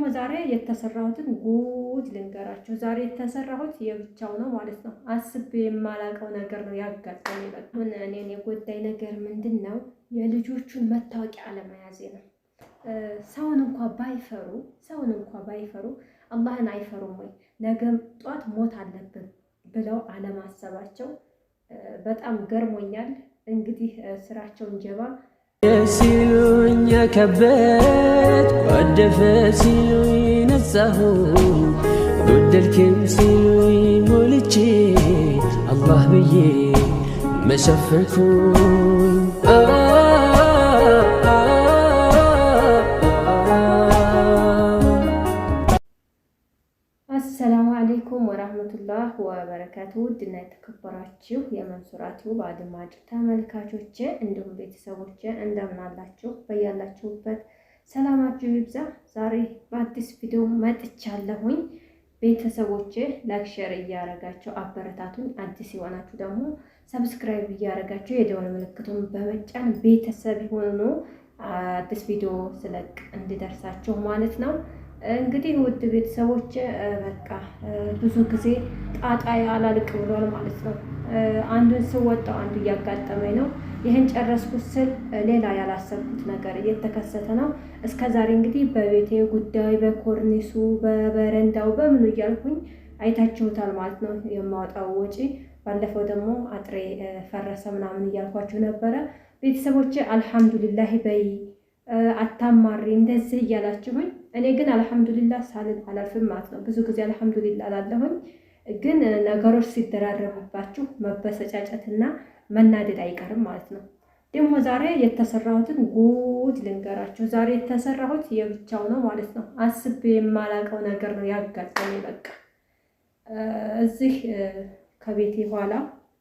ደግሞ ዛሬ የተሰራሁትን ጉድ ልንገራቸው። ዛሬ የተሰራሁት የብቻው ነው ማለት ነው። አስቤ የማላቀው ነገር ነው ያጋጠመኝ። በቃ እኔን የጎዳይ ነገር ምንድን ነው? የልጆቹን መታወቂያ አለመያዜ ነው። ሰውን እንኳ ባይፈሩ ሰውን እንኳ ባይፈሩ አላህን አይፈሩም ወይ? ነገ ጧት ሞት አለብን ብለው አለማሰባቸው በጣም ገርሞኛል። እንግዲህ ስራቸው እንጀባ ሲሉኝ ከበድኩ አደፈ ሲሉኝ ነጻሁ ጎደልክም ሲሉኝ ሞልቼ አላህ ብዬ መሸፈንኩ ወራህመቱላህ ወበረካቱ ውድና የተከበራችሁ የመንሱራቱ በአድማጭ ተመልካቾች እንዲሁም ቤተሰቦች እንደምን አላችሁ? በያላችሁበት ሰላማችሁ ይብዛ። ዛሬ በአዲስ ቪዲዮ መጥቻለሁኝ። ቤተሰቦች ላይክ፣ ሼር እያረጋችሁ አዲስ የሆናችሁ ደግሞ ሰብስክራይብ እያረጋቸው የደወል ምልክቱን በመጫን ቤተሰብ የሆኑ አዲስ ቪዲዮ ስለቅ እንዲደርሳችሁ ማለት ነው። እንግዲህ ውድ ቤተሰቦች በቃ ብዙ ጊዜ ጣጣ አላልቅ ብሏል ማለት ነው። አንዱን ስወጣው አንዱ እያጋጠመኝ ነው። ይህን ጨረስኩት ስል ሌላ ያላሰብኩት ነገር እየተከሰተ ነው። እስከ ዛሬ እንግዲህ በቤቴ ጉዳይ፣ በኮርኒሱ፣ በበረንዳው፣ በምኑ እያልኩኝ አይታችሁታል ማለት ነው የማወጣው ወጪ። ባለፈው ደግሞ አጥሬ ፈረሰ ምናምን እያልኳችሁ ነበረ ቤተሰቦች። አልሐምዱሊላህ በይ አታማሪ እንደዚህ እያላችሁኝ እኔ ግን አልሐምዱሊላ ሳልል አላልፍም ማለት ነው። ብዙ ጊዜ አልሐምዱሊላ አላለሁኝ፣ ግን ነገሮች ሲደራረቡባችሁ መበሰጫጨትና መናደድ አይቀርም ማለት ነው። ደግሞ ዛሬ የተሰራሁትን ጉድ ልንገራችሁ። ዛሬ የተሰራሁት የብቻው ነው ማለት ነው። አስቤ የማላቀው ነገር ነው ያጋጠመኝ። በቃ እዚህ ከቤቴ ኋላ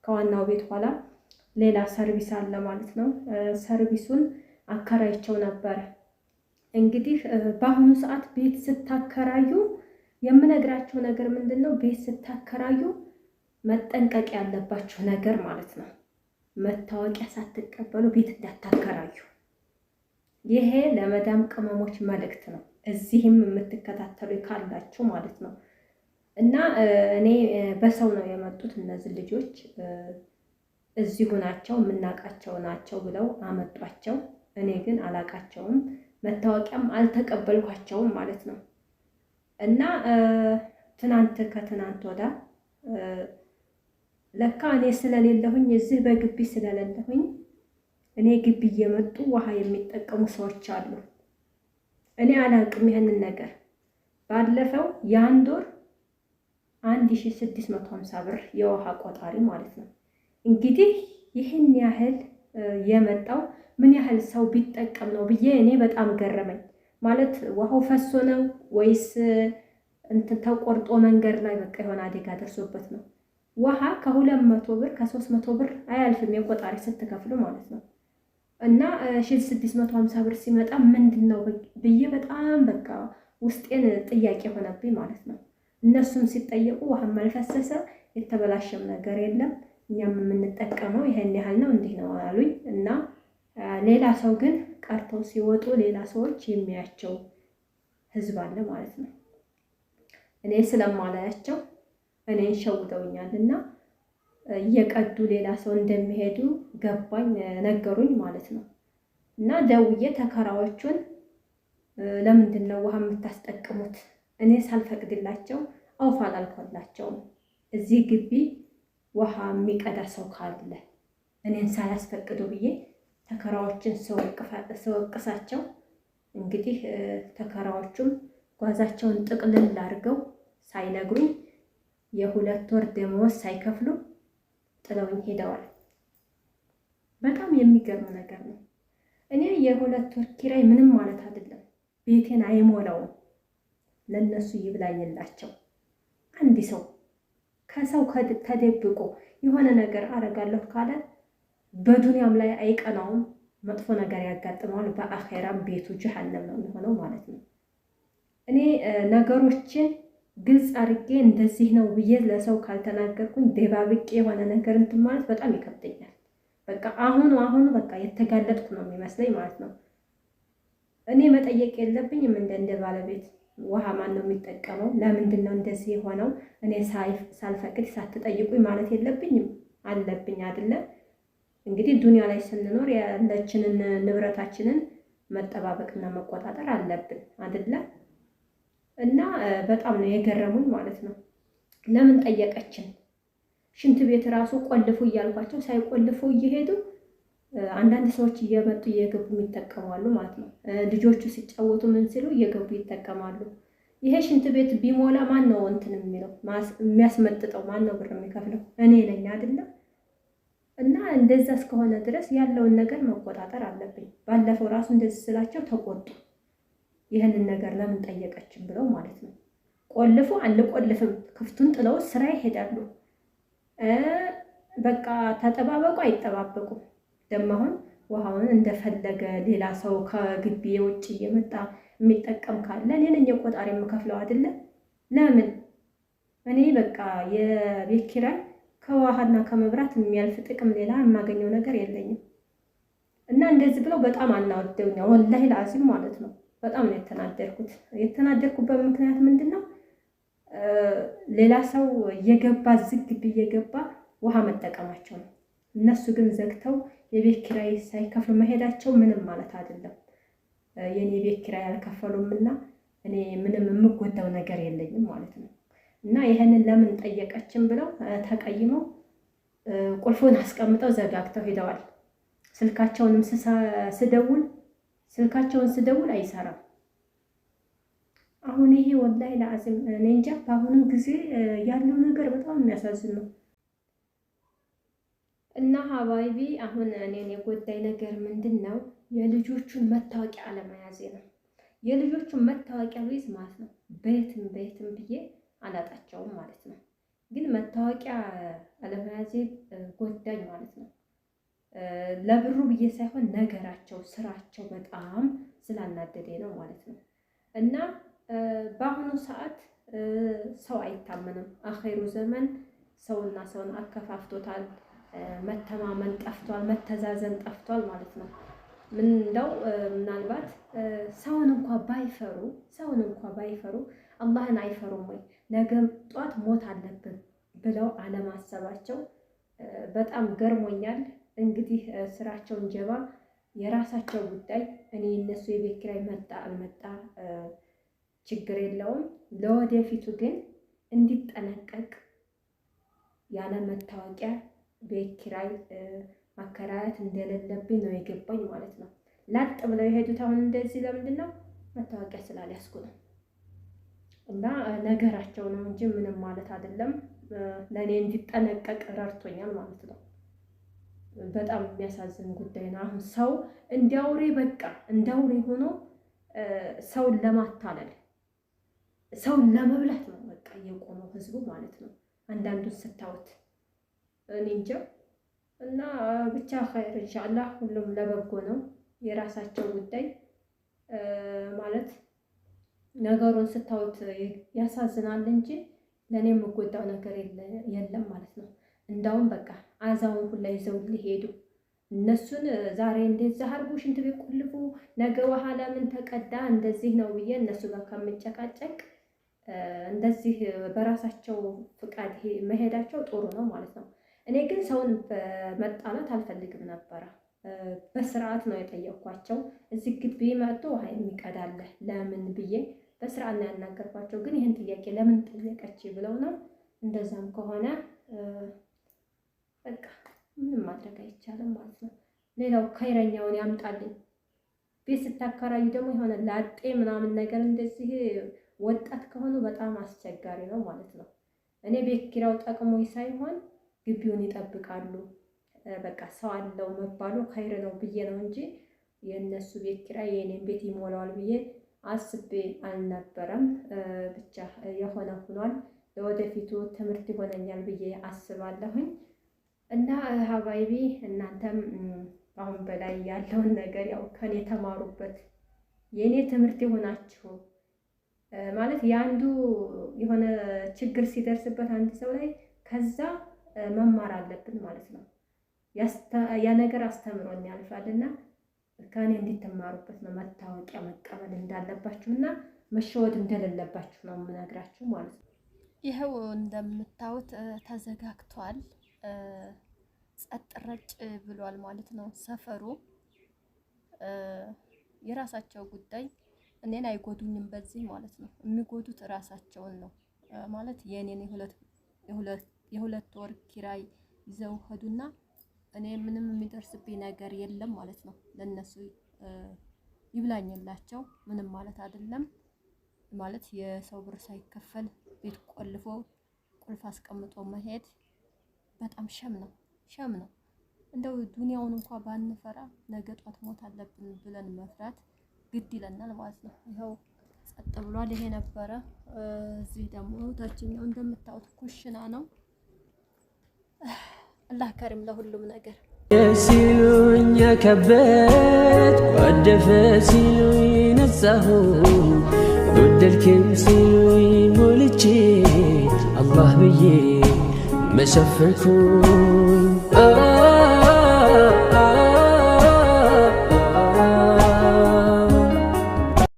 ከዋናው ቤት ኋላ ሌላ ሰርቪስ አለ ማለት ነው። ሰርቪሱን አከራይቸው ነበር። እንግዲህ በአሁኑ ሰዓት ቤት ስታከራዩ የምነግራቸው ነገር ምንድን ነው? ቤት ስታከራዩ መጠንቀቅ ያለባቸው ነገር ማለት ነው። መታወቂያ ሳትቀበሉ ቤት እንዳታከራዩ። ይሄ ለመዳም ቅመሞች መልእክት ነው። እዚህም የምትከታተሉ ካላችሁ ማለት ነው። እና እኔ በሰው ነው የመጡት እነዚህ ልጆች እዚሁ ናቸው የምናውቃቸው ናቸው ብለው አመጧቸው። እኔ ግን አላቃቸውም። መታወቂያም አልተቀበልኳቸውም ማለት ነው። እና ትናንት ከትናንት ወዳ ለካ እኔ ስለሌለሁኝ እዚህ በግቢ ስለሌለሁኝ እኔ ግቢ እየመጡ ውሃ የሚጠቀሙ ሰዎች አሉ። እኔ አላውቅም ይህንን ነገር። ባለፈው የአንድ ወር አንድ ሺ ስድስት መቶ ሀምሳ ብር የውሃ ቆጣሪ ማለት ነው። እንግዲህ ይህን ያህል የመጣው ምን ያህል ሰው ቢጠቀም ነው ብዬ እኔ በጣም ገረመኝ። ማለት ውሃው ፈሶ ነው ወይስ እንትን ተቆርጦ መንገድ ላይ በቃ የሆነ አደጋ ደርሶበት ነው? ውሃ ከሁለት መቶ ብር ከሶስት መቶ ብር አያልፍም የቆጣሪ ስትከፍሉ ማለት ነው። እና ሺ ስድስት መቶ ሀምሳ ብር ሲመጣ ምንድን ነው ብዬ በጣም በቃ ውስጤን ጥያቄ ሆነብኝ ማለት ነው። እነሱም ሲጠየቁ ውሃም አልፈሰሰ የተበላሸም ነገር የለም እኛም የምንጠቀመው ይህን ያህል ነው እንዲህ ነው አሉኝ እና ሌላ ሰው ግን ቀርተው ሲወጡ ሌላ ሰዎች የሚያቸው ህዝብ አለ ማለት ነው። እኔ ስለማላያቸው ሸውደውኛል ሸውደውኛልና እየቀዱ ሌላ ሰው እንደሚሄዱ ገባኝ፣ ነገሩኝ ማለት ነው። እና ደውዬ ተከራዎቹን ለምንድን ነው ውሃ የምታስጠቅሙት? እኔ ሳልፈቅድላቸው አውፍ አላልኳላቸውም። እዚህ ግቢ ውሃ የሚቀዳ ሰው ካለ እኔን ሳያስፈቅዱ ብዬ ተከራዎችን ስወቅሳቸው እንግዲህ ተከራዎቹም ጓዛቸውን ጥቅልል አድርገው ሳይነግሩኝ የሁለት ወር ደመወዝ ሳይከፍሉ ጥለውኝ ሄደዋል። በጣም የሚገርም ነገር ነው። እኔ የሁለት ወር ኪራይ ምንም ማለት አይደለም፣ ቤቴን አይሞላውም። ለእነሱ ይብላኝላቸው። አንድ ሰው ከሰው ተደብቆ የሆነ ነገር አረጋለሁ ካለ በዱንያም ላይ አይቀናውም፣ መጥፎ ነገር ያጋጥመዋል። በአኼራም ቤቱ ጀሃነም ነው የሚሆነው ማለት ነው። እኔ ነገሮችን ግልጽ አድርጌ እንደዚህ ነው ብዬ ለሰው ካልተናገርኩኝ ደባብቄ የሆነ ነገር እንትን ማለት በጣም ይከብደኛል። በቃ አሁኑ አሁኑ በቃ የተጋለጥኩ ነው የሚመስለኝ ማለት ነው። እኔ መጠየቅ የለብኝም እንደ እንደ ባለቤት ውሃ ማን ነው የሚጠቀመው? ለምንድን ነው እንደዚህ የሆነው? እኔ ሳልፈቅድ ሳትጠይቁኝ ማለት የለብኝም አለብኝ አይደለም እንግዲህ ዱንያ ላይ ስንኖር ያለችንን ንብረታችንን መጠባበቅና መቆጣጠር አለብን አይደለ? እና በጣም ነው የገረሙን ማለት ነው። ለምን ጠየቀችን? ሽንት ቤት ራሱ ቆልፉ እያልኳቸው ሳይቆልፉ እየሄዱ አንዳንድ ሰዎች እየመጡ እየገቡ ይጠቀማሉ ማለት ነው። ልጆቹ ሲጫወቱ ምን ሲሉ እየገቡ ይጠቀማሉ። ይሄ ሽንት ቤት ቢሞላ ማን ነው እንትን የሚለው የሚያስመጥጠው? ማን ነው ብር የሚከፍለው? እኔ ነኝ አይደለም እንደዛ እስከሆነ ድረስ ያለውን ነገር መቆጣጠር አለብኝ። ባለፈው ራሱ እንደዚህ ስላቸው ተቆጡ። ይህንን ነገር ለምን ጠየቀችን ብለው ማለት ነው። ቆልፎ አንቆልፍም ክፍቱን ጥለው ስራ ይሄዳሉ። በቃ ተጠባበቁ፣ አይጠባበቁም። ደግሞ አሁን ውሃውን እንደፈለገ ሌላ ሰው ከግቢ ውጭ እየመጣ የሚጠቀም ካለ እኔ ነኝ የቆጣሪ የምከፍለው አይደለ? ለምን እኔ በቃ የቤት ኪራይ ከውሃና ከመብራት የሚያልፍ ጥቅም ሌላ የማገኘው ነገር የለኝም። እና እንደዚህ ብለው በጣም አናወደውኛ ወላሂ ለአዚም ማለት ነው። በጣም ነው የተናደርኩት። የተናደርኩበት ምክንያት ምንድን ነው? ሌላ ሰው እየገባ ዝግብ እየገባ ውሃ መጠቀማቸው ነው። እነሱ ግን ዘግተው የቤት ኪራይ ሳይከፍሉ መሄዳቸው ምንም ማለት አይደለም። የኔ ቤት ኪራይ አልከፈሉም እና እኔ ምንም የምጎዳው ነገር የለኝም ማለት ነው። እና ይህንን ለምን ጠየቀችን ብለው ተቀይመው ቁልፉን አስቀምጠው ዘጋግተው ሄደዋል። ስልካቸውንም ስደውል ስልካቸውን ስደውል አይሰራም። አሁን ይሄ ወላሂ ለአዚም እኔ እንጃ። በአሁኑ ጊዜ ያለው ነገር በጣም የሚያሳዝን ነው። እና ሀባይቢ አሁን እኔን የጎዳይ ነገር ምንድን ነው? የልጆቹን መታወቂያ አለመያዜ ነው። የልጆቹን መታወቂያ ቤት ማለት ነው በየትም በየትም ብዬ አላጣቸውም ማለት ነው። ግን መታወቂያ አለመያዜ ጎዳኝ ማለት ነው። ለብሩ ብዬ ሳይሆን ነገራቸው፣ ስራቸው በጣም ስላናደደ ነው ማለት ነው። እና በአሁኑ ሰዓት ሰው አይታመንም። አኼሩ ዘመን ሰውና ሰውን አከፋፍቶታል። መተማመን ጠፍቷል፣ መተዛዘን ጠፍቷል ማለት ነው። ምን እንደው ምናልባት ሰውን እንኳ ባይፈሩ ሰውን እንኳ ባይፈሩ አላህን አይፈሩም ወይ? ነገም ጧት ሞት አለብን ብለው አለማሰባቸው በጣም ገርሞኛል። እንግዲህ ስራቸውን ጀባ የራሳቸው ጉዳይ። እኔ እነሱ የቤት ኪራይ መጣ አልመጣ ችግር የለውም። ለወደፊቱ ግን እንዲጠነቀቅ ያለ መታወቂያ ቤት ኪራይ ማከራየት እንደሌለብኝ ነው የገባኝ ማለት ነው። ላጥ ብለው የሄዱት አሁን እንደዚህ ለምንድን ነው? መታወቂያ ስላልያዝኩ ነው። እና ነገራቸው ነው እንጂ ምንም ማለት አይደለም። ለእኔ እንዲጠነቀቅ ረድቶኛል ማለት ነው። በጣም የሚያሳዝን ጉዳይ ነው። አሁን ሰው እንደ አውሬ በቃ እንደ አውሬ ሆኖ ሰውን ለማታለል ሰውን ለመብላት ነው በቃ የቆመው ህዝቡ ማለት ነው። አንዳንዱን ስታዩት እኔ እንጃ እና ብቻ ኸይር ኢንሻአላህ ሁሉም ለበጎ ነው። የራሳቸው ጉዳይ ማለት ነገሩን ስታዩት ያሳዝናል እንጂ ለእኔ የምጎዳው ነገር የለም ማለት ነው። እንዳውም በቃ አዛውን ሁላ ይዘው ሊሄዱ እነሱን ዛሬ እንደዛ አርጉ፣ ሽንት ቤት ቁልፉ፣ ነገ ውሃ ለምን ተቀዳ እንደዚህ ነው ብዬ እነሱ ጋር ከምጨቃጨቅ እንደዚህ በራሳቸው ፍቃድ መሄዳቸው ጥሩ ነው ማለት ነው። እኔ ግን ሰውን በመጣላት አልፈልግም ነበረ። በስርዓት ነው የጠየኳቸው። እዚህ ግቢ መጥቶ ውሃ የሚቀዳለህ ለምን ብዬ በስራ እና ያናገርኳቸው ግን ይህን ጥያቄ ለምን ጠየቀች ብለው ነው። እንደዛም ከሆነ በቃ ምንም ማድረግ አይቻልም ማለት ነው። ሌላው ከይረኛውን ያምጣልኝ። ቤት ስታከራዩ ደግሞ የሆነ ላጤ ምናምን ነገር እንደዚህ ወጣት ከሆኑ በጣም አስቸጋሪ ነው ማለት ነው። እኔ ቤት ኪራው ጠቅሞ ሳይሆን ግቢውን ይጠብቃሉ በቃ ሰው አለው መባሉ ከይር ነው ብዬ ነው እንጂ የእነሱ ቤት ኪራይ የእኔን ቤት ይሞላዋል ብዬ አስቤ አልነበረም። ብቻ የሆነ ሆኗል። ለወደፊቱ ትምህርት ይሆነኛል ብዬ አስባለሁኝ እና ሀባይቢ እናንተም አሁን በላይ ያለውን ነገር ያው ከኔ የተማሩበት የእኔ ትምህርት የሆናችሁ ማለት የአንዱ የሆነ ችግር ሲደርስበት አንድ ሰው ላይ ከዛ መማር አለብን ማለት ነው። ያ ነገር አስተምሮን ያልፋልና ከእኔ እንድትማሩበት ነው። መታወቂያ መቀበል እንዳለባችሁ እና መሸወድ እንደሌለባችሁ ነው የምነግራችሁ ማለት ነው። ይኸው እንደምታዩት ተዘጋግቷል። ጸጥ ረጭ ብሏል ማለት ነው ሰፈሩ። የራሳቸው ጉዳይ እኔን አይጎዱኝም በዚህ ማለት ነው። የሚጎዱት ራሳቸውን ነው ማለት የእኔን የሁለት ወር ኪራይ ይዘው ሄዱና እኔ ምንም የሚደርስብኝ ነገር የለም ማለት ነው። ለነሱ ይብላኝላቸው ምንም ማለት አይደለም ማለት የሰው ብር ሳይከፈል ቤት ቆልፎ ቁልፍ አስቀምጦ መሄድ በጣም ሸም ነው፣ ሸም ነው። እንደው ዱንያውን እንኳ ባንፈራ ነገ ጧት ሞት አለብን ብለን መፍራት ግድ ይለናል ማለት ነው። ይኸው ጸጥ ብሏል። ይሄ ነበረ። እዚህ ደግሞ ታችኛው እንደምታዩት ኩሽና ነው። አላህ ከሪም ለሁሉም ነገር። ሲሉኝ ከበድ ወደፈ ሲሉኝ ነጻሁ ጎደልክም ሲሉኝ ሞልቼ አላህ ብዬ መሸፈንኩ